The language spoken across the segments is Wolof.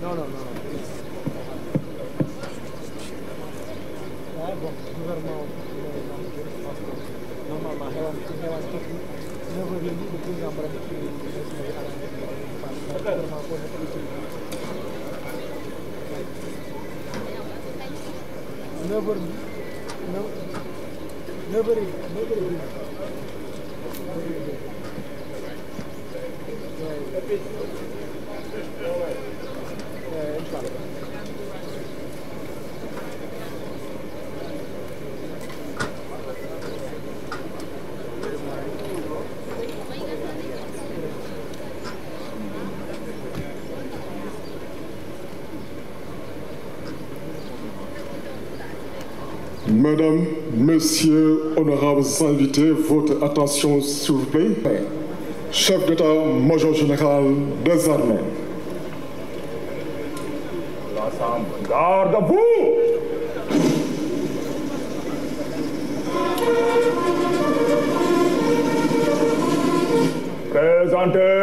Non, non, non. bon, gouvernement, normalement, xewoon xewaat tuuti ñoo ko yëngu le président ba rek gouvernement boo nekk ci 9 heures Nobody, nobody did that. Nobody did that. Madame, Messieurs, honorables invités, votre attention s'il vous plaît. Chef d'état-major général des armées. Garde à vous! Présentez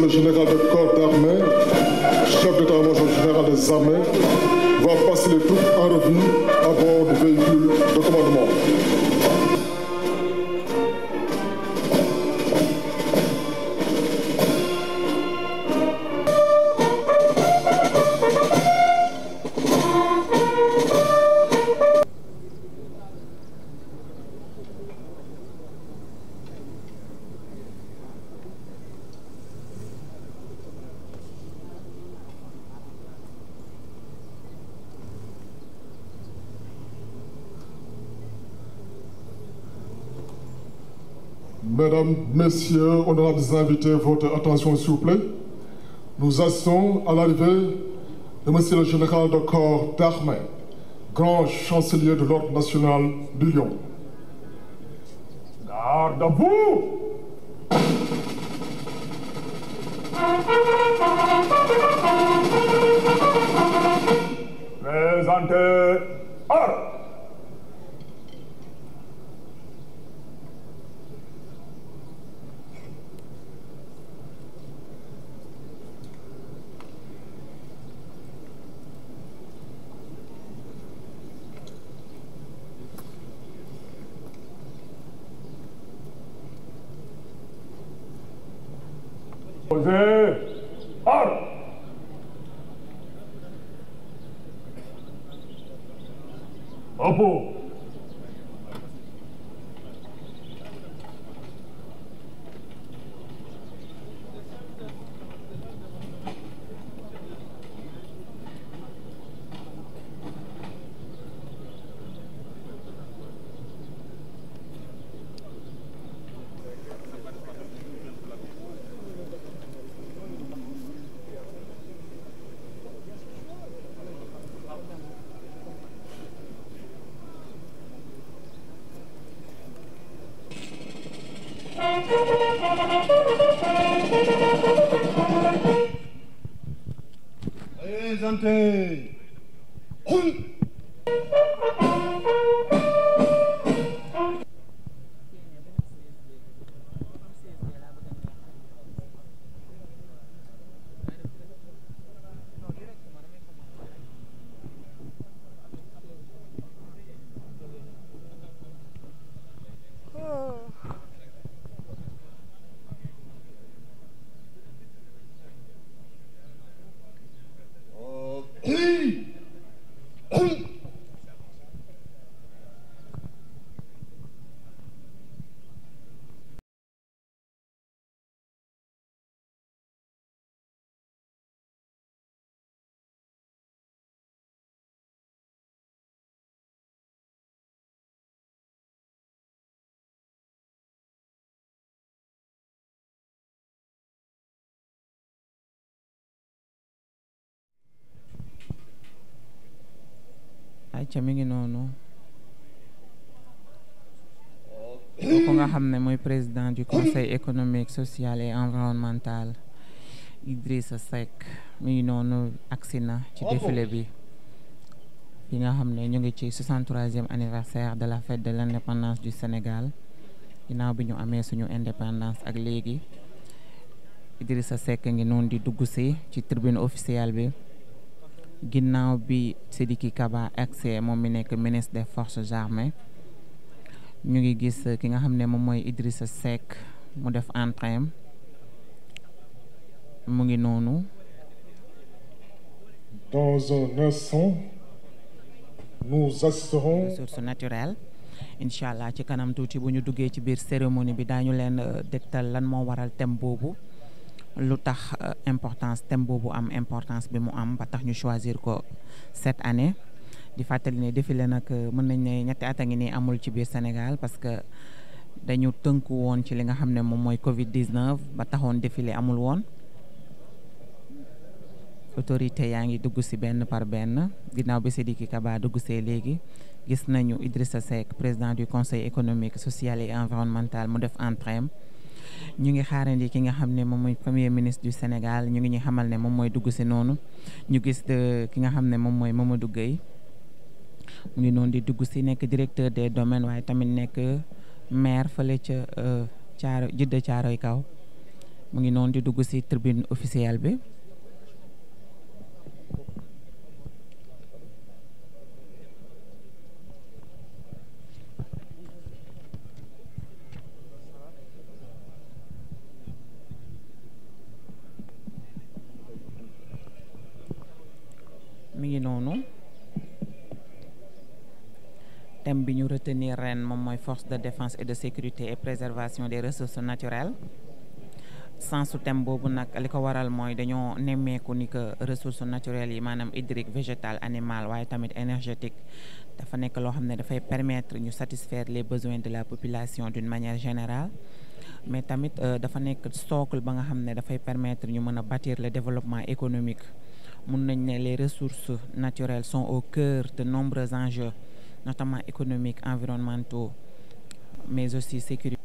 Monsieur corps d'armée, chef d'état-major va passer les troupes en revue à Mesdames, Messieurs, honorables invités, votre attention s'il vous Nous assistons à l'arrivée de Monsieur Général de d'Armée, grand chancelier de l'Ordre national du Lion. Posez Ordre Repos santé ayca mi ngi noonu kooku nga xam ne mooy président du conseil économique social et environnemental Idrissa Seck mi ngi noonu agsi na ci défilé bi fi nga xam ne ñu ngi ci 63e anniversaire de la fête de l'indépendance du Sénégal ginnaaw bi ñu amee suñu indépendance ak léegi Idrissa Seck ngi noonu di dugg si ci tribune officielle bi ginnaaw bi Sidiki Kaba accès moom mi nekk ministre des forces armées ñu ngi gis ki nga xam ne moom mooy Idrissa Seck mu def entrain mu ngi noonu. dans un instant nous incha allah ci kanam tuuti bu ñu duggee ci biir cérémonie bi daañu leen euh, dégtal lan moo waral thème boobu. lu tax euh, importance thème boobu am importance bi mu am ba tax ñu choisir ko cette année di fàttali ne défilé nag euh, mën nañ ne ñetti at a ngi nii amul ci biir Sénégal parce que dañu tënku woon ci li nga xam ne moom mooy Covid 19 ba taxoon défilé amul woon autorité yaa ngi dugg si benn par benn ginnaaw bi Sidiki Kaba dugg see léegi gis nañu Idrissa Seck président du conseil économique social et environnemental mu def entrée ñu ngi xaarandi ki nga xam ne moom mooy premier ministre du Sénégal ñu ngi ñu xamal ne moom mooy dugg si noonu ñu gis euh, ki nga xam ne moom mooy Mamadou Gueye mu ngi noonu di dugg si nekk directeur des domaines waaye tamit nekk maire fële ca caaro euh, jidda kaw mu ngi noonu di dugg si tribune officielle bi noonu thème bi ñu retenir ren moom mooy force de défense et de sécurité et préservation des ressources naturelles sensu thème boobu nag li ko waral mooy dañoo nemmeeku ni que ressources naturelles yi maanaam hydrique végétal animal waaye tamit énergétique dafa nekk loo xam ne dafay permettre ñu satisfaire les besoins de la population d'une manière générale mais tamit euh, dafa nekk socle ba nga xam ne dafay permettre ñu mën a bâtir le développement économique mun nañ ne les ressources naturelles sont au cœur de nombreux enjeux notamment économiques environnementaux mais aussi sécurité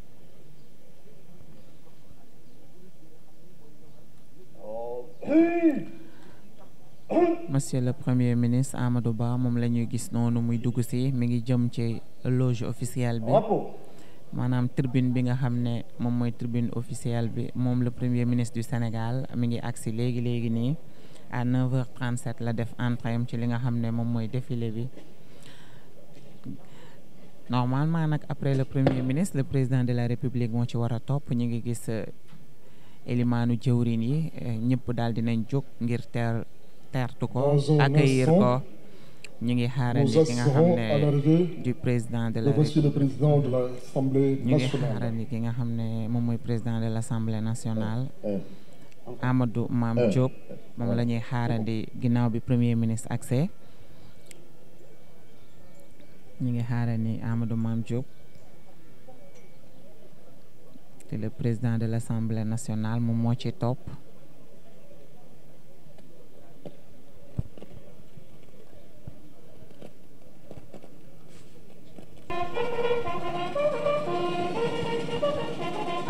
monsieur le premier ministre Amadou Ba moom la ñuy gis noonu muy dugg si mi ngi jëm ci loge officielle bi maanaam tribune bi nga xam ne moom mooy tribune officielle bi moom la premier ministre du Sénégal mi ngi agsi léegi léegi nii à 9h37 la def entrée am ci li nga xam ne moom mooy défilé bi normalement nag après le premier ministre le président de la république moo ci war a topp ñu ngi gis euh, élimaanu jëwrin yi euh, ñëpp daal dinañ jóg ngir teer teertu ko accueillir ko ñu ngi xaarandi ki nga xam ne du président de la république nga xam ne moom mooy président de l'assemblée nationale ah, ah. Amadou Maam euh. Diop moom la xaarandi ginnaaw bi premier ministre ak accès ñu ngi xaarandi Amadou Maam Diop te le président de l'Assemblée nationale moom moo ci topp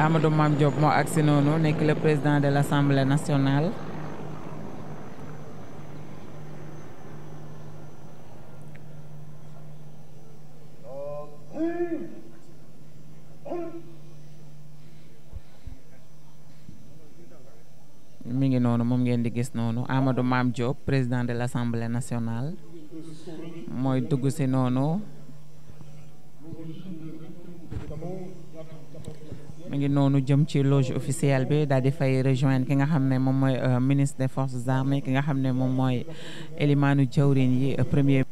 Amadou Mame Diop moo agsi noonu nekk le président de l'Assemblée nationale mi ngi noonu moom ngeen di gis noonu Amadou maam Diop président de l'Assemblée nationale mooy dugg si noonu mi ngi noonu jëm ci loge officielle bi daal di fay rejoindre ki nga xam ne moom mooy euh, ministre des forces armées ki nga xam ne moom mooy éliment nu jawrin yi premier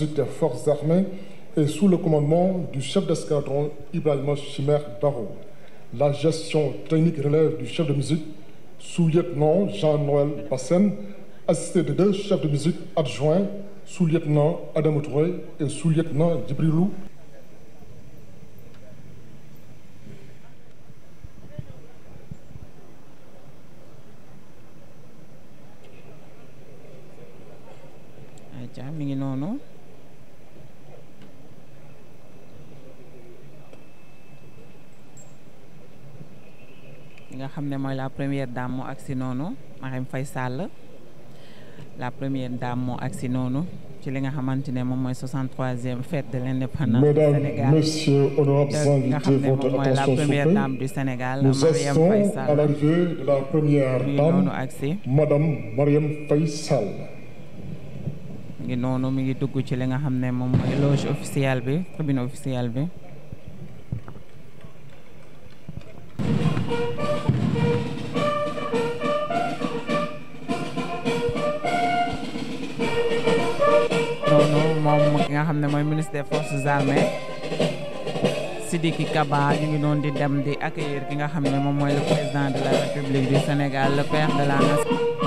musique des forces armées et sous le commandement du chef d'escadron Ibrahima Chimère Daro. La gestion technique relève du chef de musique sous-lieutenant Jean-Noël Bassène, assisté de deux chefs de musique adjoints, sous-lieutenant Adama Touré et sous-lieutenant Djibril ne mooy la première dame moo agsi noonu Marème Faye Sall la première dame moo agsi noonu ci li nga xamante ne moom mooy 63e fête de l'indépendance du Sénégal messieurs honorables invités votre ngi noonu mi ngi dugg ci li nga xam ne moom mooy loge officielle bi tribune officielle bi xam ne mooy ministre des forces armées Sidiki Kaba ñu ngi doon di dem di accueillir ki nga xam ne moom mooy le président de la république du Sénégal le père de la nation.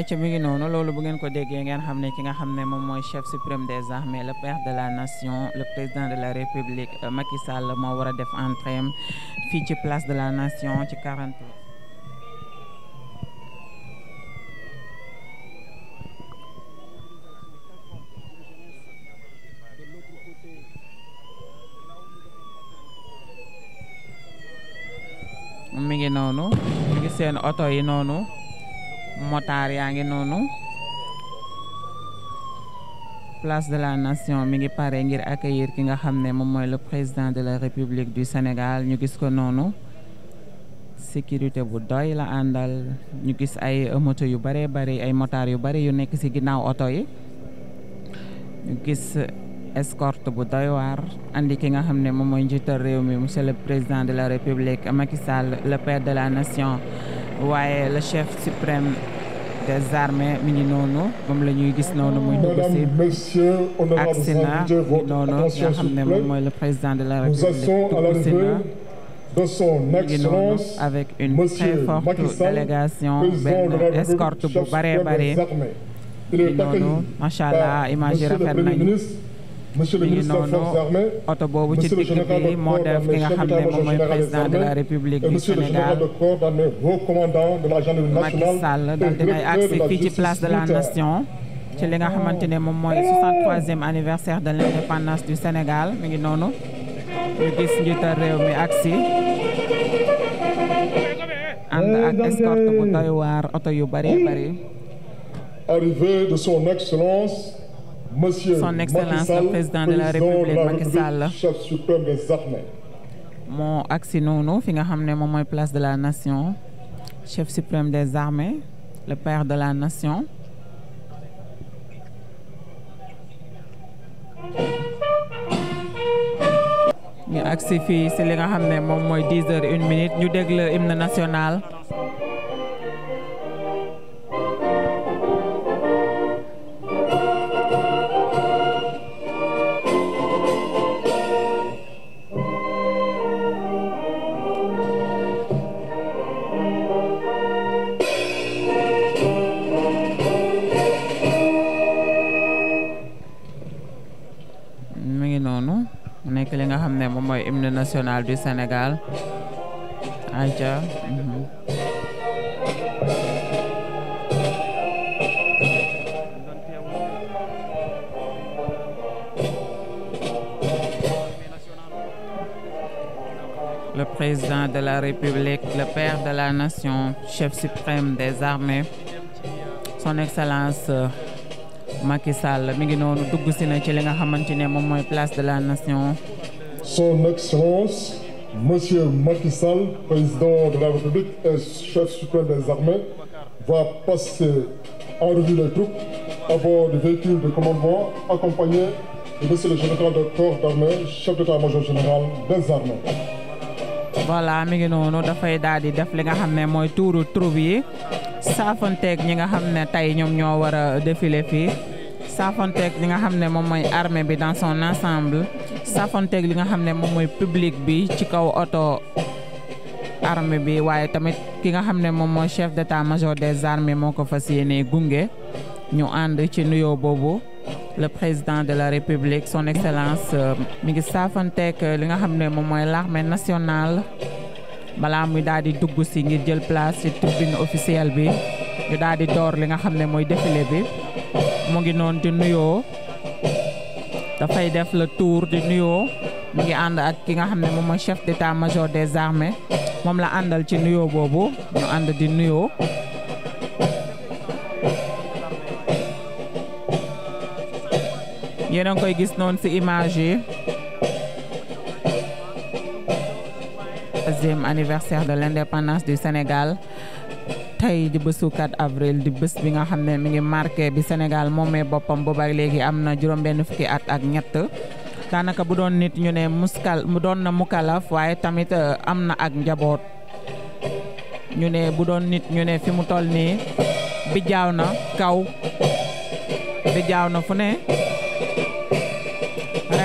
ayca mi ngi noonu loolu bu ngeen ko déggee ngeen xam ne nga xam ne moom mooy chef suprême des armées le père de la nation le président de la république euh, Macky Sall moo war a def entrée fii ci place de la nation ci 40. mi ngi seen oto yi noonu. motaar yaa ngi noonu place de la nation mi ngi pare ngir accueillir ki nga xam ne moom mooy le président de la république du Sénégal ñu gis ko noonu sécurité bu doy la àndal ñu gis ay moto yu bare bare ay motaar yu bare yu nekk ci ginnaaw oto yi ñu gis escorte bu doy waar andi ki nga xam ne moom mooy njiital réew mi monsieur le président de la république Macky Sall le père de la nation waaye le chef suprême des armées mi ngi noonu moom la ñuy gis noonu muy dugg si ak Sénat noonu nga xam ne moom le président de la République dugg Sénat de son excellence avec une très forte délégation benn escorte bu bare bare mi noonu macha allah image yi rafet monsieur le ministre oto boobu ci digg bi moo def ki nga xam ne moom président de la république du Sénégal Macky Sall daal dinay agsi fii ci place de la nation ci li nga xamante ne moom mooy 63e anniversaire de l'indépendance du Sénégal mi ngi noonu ñu gis njiital réew mi agsi ànd ak escorte bu doy waar oto yu bari bari Monsieur son excellence Sall, la république Macky Sall chef suprême des armées moo agsi noonu fi nga xam ne moom mooy place de la nation chef suprême des armées le père de la nation ñu agsi fii si li nga xam ne moom mooy dix heures une minute ñu déglu hymne nationale nationale du Sénégal mhm. le président de la République, le père de la nation, chef suprême des armées, son excellence euh, Macky Sall mi ngi noonu nga xamante ne moom place de la nation Son Excellence, Monsieur Macky président de la République et chef suprême des armées, va passer en revue les troupes de commandement de Monsieur le de des armées. voilà mi ngi noonu dafay daal di def li nga xam ne mooy tuuru troupe yi saafanteeg ñi nga xam ne tey ñoom ñoo war a défilé fii saafanteeg ñi nga xam ne moom mooy armée bi dans son ensemble. safonteeg li nga xam ne moom mooy public bi ci kaw oto arme bi waaye tamit ki nga xam ne moom mooy chef d'état-major des armées moo ko fa yéene gunge ñu ànd ci nuyoo boobu le président de la république son excellence euh, mi ngi saafanteeg li nga xam ne moom mooy l'armée nationale balaa muy daal di dugg si ngir jël place ci tribune officielle bi ñu daal di door li nga xam ne mooy défilé bi mu ngi noonu di nuyoo. dafay def le tour di nuyoo mi ngi ànd ak ki nga xam ne moom mooy cef d'état-major des armées moom la àndal ci nuyoo boobu ñu ànd di nuyoo. yéen a ngi koy gis noon ci image yi. troisième anniversaire de l'indépendance du Sénégal. tey di bésu 4 avril di bës bi nga xam ne mi ngi marqué bi Sénégal moomee boppam bu boobaak léegi am na juróom-benn fukki at ak ñett daanaka bu doon nit ñu ne muskal mu doon na mukalaf waaye tamit eh, am na ak njaboot ñu ne bu doon nit ñu ne fi mu toll nii bi jaaw na kaw bi jaaw na fu ne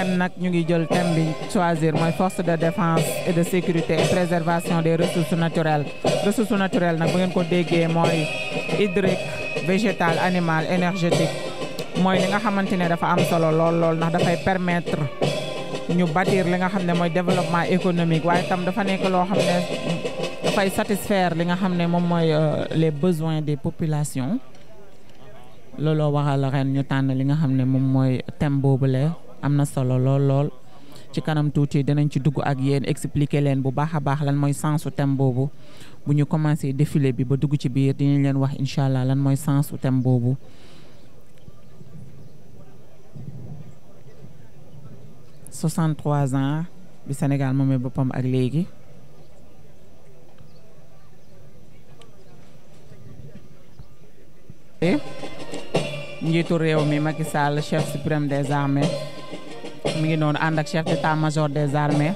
ren nag ñu ngi jël thème bi choisir mooy force de défense et de sécurité et préservation des ressources naturelles ressources naturelles nag bu ngeen ko déggee mooy hydrique végétal animal énergétique mooy li nga xamante ne dafa am solo lool lool ndax dafay permettre ñu bâtir li nga xam ne mooy développement économique waaye tam dafa nekk loo xam ne dafay satisfaire li nga xam ne moom mooy euh, les besoins des populations looloo waral ren ñu tànn li nga xam ne moom mooy thème boobule am na solo lool lool ci kanam tuuti dinañ ci dugg ak yéen expliquer leen bu baax a baax lan mooy sensu thème boobu bu ñu commencé défilé bi ba dugg ci biir dinañ leen wax incha allah lan mooy sensu thème boobu. soixante trois ans bi Sénégal moomee boppam ak léegi. njiitu réew mi Macky Sall chef suprême des armées. mi ngi noonu ànd ak chef d'état major des armées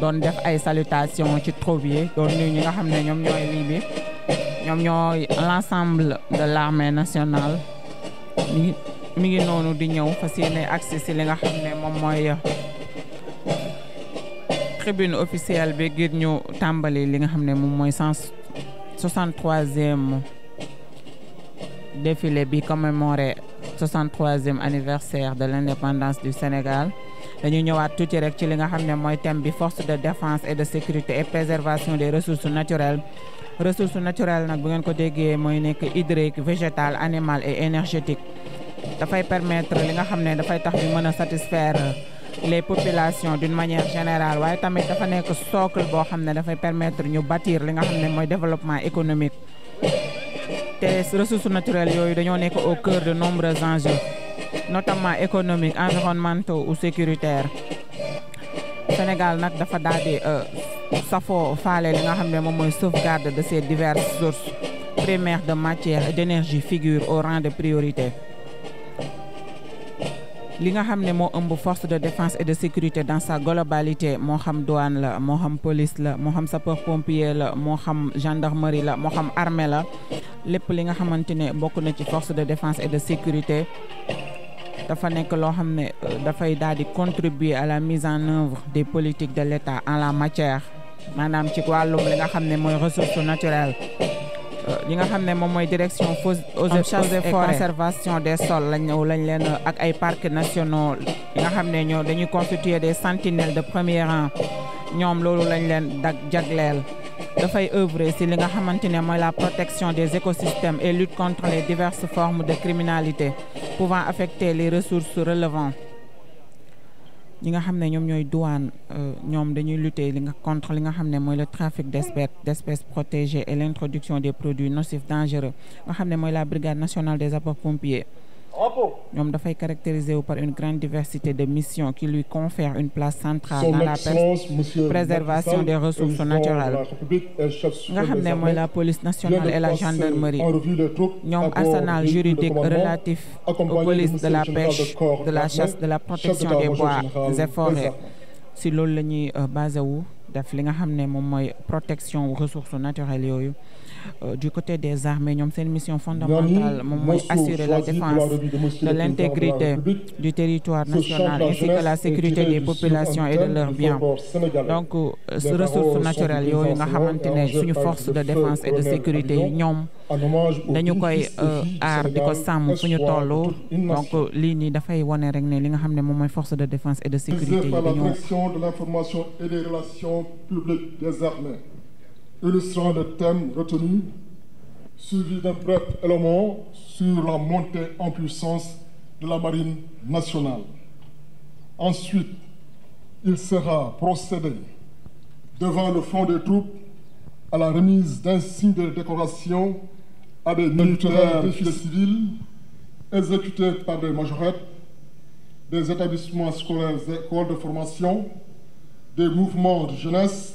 doon def ay salutation ci troupe doon nuyu ñi nga xam ne ñoom ñooy lii bi ñoom ñooy l'ensemble de l'armée nationale mi ngi noonu di ñëw fas yéene agsi si li nga xam ne moom mooy tribune officielle bi ngir ñu tàmbali li nga xam ne moom mooy cent soixante-troisième défilé bi commémoré 63e anniversaire de l'indépendance du Sénégal dañu ñëwaat tuuti rek ci li nga xam ne mooy thème bi force de défense et de sécurité et préservation des ressources naturelles ressources naturelles nag bu ngeen ko déggee mooy nekk hydrique végétal animal et énergétique dafay permettre li nga xam ne dafay tax ñu mën a satisfaire les populations d'une manière générale waaye tamit dafa nekk socle boo xam ne dafay permettre ñu bâtir li nga xam ne mooy développement économique te ressources naturelles yooyu dañoo nekk au cœur de nombreux enjeux notamment économiques environnementaux ou sécuritaires Sénégal nag dafa daal di euh, safoo faale nga xam ne moom mooy sauvegarde de ces diverses sources primaires de matière et d'énergie figure au rang de priorité li nga xam ne moo ëmb force de défense et de sécurité dans sa globalité moo xam douane la moo xam police la moo xam sapeur pompier la moo xam gendarmerie la moo xam armée la lépp li nga xamante ne bokk na ci force de défense et de sécurité dafa nekk loo xam ne euh, dafay daal di contribuer à la mise en œuvre des politiques de l'État en la matière maanaam ci wàllum li nga xam ne mooy ressource naturelle li euh, nga xam ne moom mooy direction eaux et conservation des sols lañ lañ leen ak ay parcs nationaux yi nga xam ne ñoom dañuy constituer des sentinelles de premier rang ñoom loolu lañ leen dag jagleel dafay œuvrer si li nga xamante ne mooy la protection des écosystèmes et lut contre les diverses formes de criminalité pouvant affecter les ressources relevantes ñi nga xam ne ñoom ñooy douane euh, ñoom dañuy lutter li nga contre li nga xam ne mooy le trafic d'espèces d'espèces protégées et l'introduction des produits nocifs dangereux nga xam ne mooy la brigade nationale des sapeurs-pompiers ñoom dafay caractériser wu par une grande diversité de mission qui lui confère une place centrale dans la préservation des ressources naturelles nga xam ne mooy la police nationale et la gendarmerie ñoom arsenal juridique relatif aux polices de la pêche de la chasse de la protection des bois et si loolu la ñuy euh, basé wu def li nga xam ne moom mooy protection ressources naturelles yooyu Euh, du côté des armées ñoom seen mission fondamentale moom mooy assurer la défense de l'intégrité du territoire national ainsi que la sécurité des euh, nga xamante ne force de défense et de yi ñoom dañu koy euh, aar di ko sàmm fu ñu toll donc lii nii dafay wone rek ne li nga xam ne moom mooy force de défense et de sécurité yi dañoo. de l'information et des relations publiques des armées illustrant des thème retenu, suivi d'un bref élément sur la montée en puissance de la marine nationale. Ensuite, il sera procédé devant le front des troupes à la remise d'un signe de décoration à des majorettes, des établissements scolaires et écoles de formation, des mouvements de jeunesse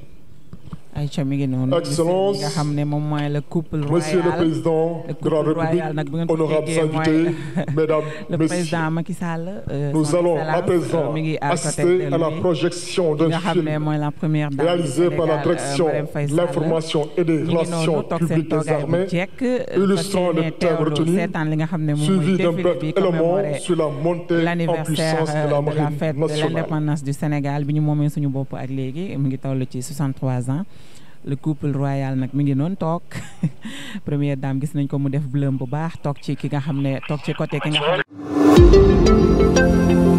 ayca mi ngi noonu. excellence nga xam ne moom mooy le couple royal monsieur le président de la république honorable invité mesdames le président Macky Sall. Euh, nous allons à présent assister à la projection d'un film réalisé par la euh, direction de l'information et des relations publiques des armées illustrant le thème retenu de euh, l'indépendance du Sénégal bi ñu moomee suñu bopp ak léegi mu ngi toll ci 63 ans. le couple royal nag mi ngi noonu toog première dame gis nañ ko mu def bleu bu baax toog ci ki nga xam ne toog ci côté ki nga xam ne